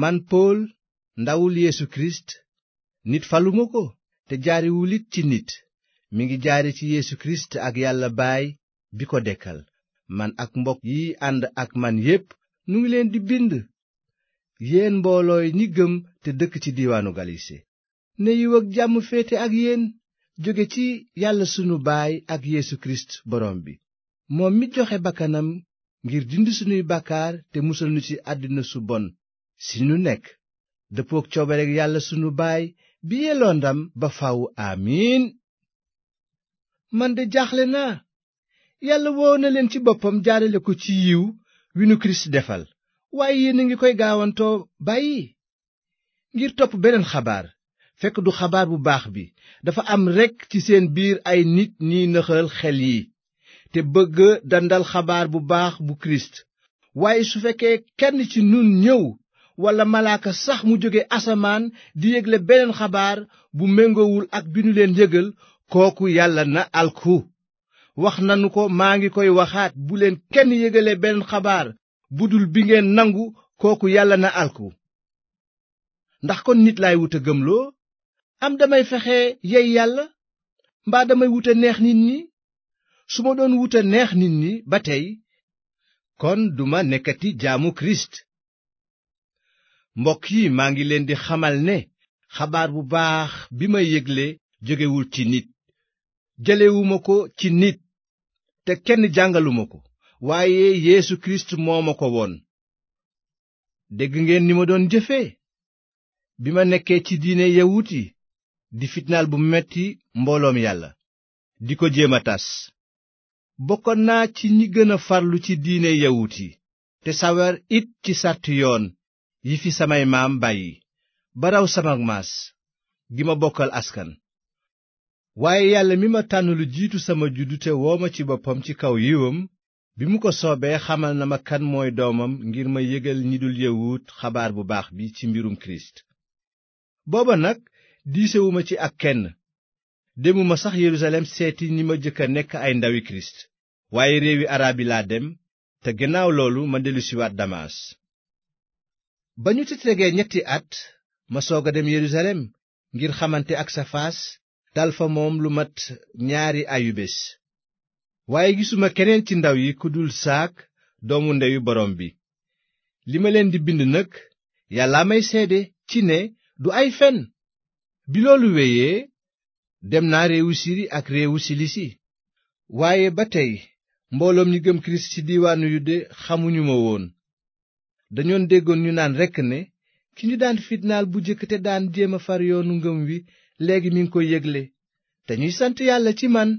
man Pool ndawul Yeesu Kirist nit faluma ko te jaarewul it ci nit mi ngi jaare ci Yeesu Kirist ak Yàlla Baay bi ko dekkal man ak mbokk yi ànd ak man yépp nu ngi leen di bind yéen mboolooy ni gëm te dëkk ci diwaanu Galise ne yiw jàmm féete ak yéen jóge ci yàlla sunu baay ak Yeesu Kirist borom bi moom mi joxe bakkanam ngir dind sunuy bàkkaar te musal nu ci àddina su bon si nu nekk dëppook coobareg yàlla sunu baay bi yelloo ndam ba faw amiin man de jaaxle naa yàlla woo na leen ci boppam jaarale ko ci yiw wi nu kirist defal waaye yéen ngi koy gaawantoo bàyyi ngir topp beneen xabaar fekk du xabaar bu baax bi dafa am rekk ci seen biir ay nit ñiy nëxal xel yi te bëgg dandal xabaar bu baax bu kirist waaye su fekkee kenn ci nun ñëw walla malaaka sax mu jóge asamaan di yégle beneen xabaar bu méngowul ak bi ñu leen yégal kooku yàlla na alku wax nanu ko maa ngi koy waxaat bu leen kenn yégale beneen xabaar bu dul bi ngeen nangu kooku yàlla na alku ndax kon nit lay wut a gëmloo am damay fexe yey yàlla mbaa damay wut a neex nit ñi su ma doon wut neex nit ñi ba tey kon duma nekkati jaamu kirist mbokk yi maa ngi leen di xamal ne xabaar bu baax bi ma yégle jógewul ci nit jëlewuma ko ci nit te kenn jàngaluma ko waaye yéesu Kirist moo ma ko woon dégg ngeen ni ma doon jëfe bi ma nekkee ci diine yawut yi di fitnaal bu metti mbooloom yàlla di ko jéem a tas bokkoon naa ci ñi gën a farlu ci diine yawut yi te sawar it ci sàrt yoon yi fi samay maam bàyyi ba raw sama maas gi ma bokkal askan waaye yàlla mi ma tànn lu jiitu sama juddu te woo ma ci boppam ci kaw yiwam bi mu ko soobee xamal na ma kan mooy doomam ngir ma yégal ñi dul yawut xabaar bu baax bi ci mbirum kirist booba nag diisewuma ci ak kenn démuma sax Yerusalem seeti ñi ma jëkk a nekk ay ndawi kirist waaye réewi araab yi laa dem te gannaaw loolu ma dellusiwaat damaas ba ñu ci tegee ñetti at ma soog a dem yerusalem ngir xamante ak safaas dal fa moom lu mat ñaari ayubés waaye gisuma keneen ci ndaw yi ku dul saak doomu ndeyu boroom bi li ma leen di bind nag yàllaa may seede ci ne du ay fen bi loolu wéyee dem naa réewu siri ak réewu silisi waaye ba tey mbooloom ñi gëm kirist ci diiwaanu yude xamuñu ma woon dañoon déggoon ñu naan rekk ne ki ñu daan fitnaal bu jëkk te daan jéem a far yoonu ngëm wi léegi mi ngi koy yëgle te sant yàlla ci man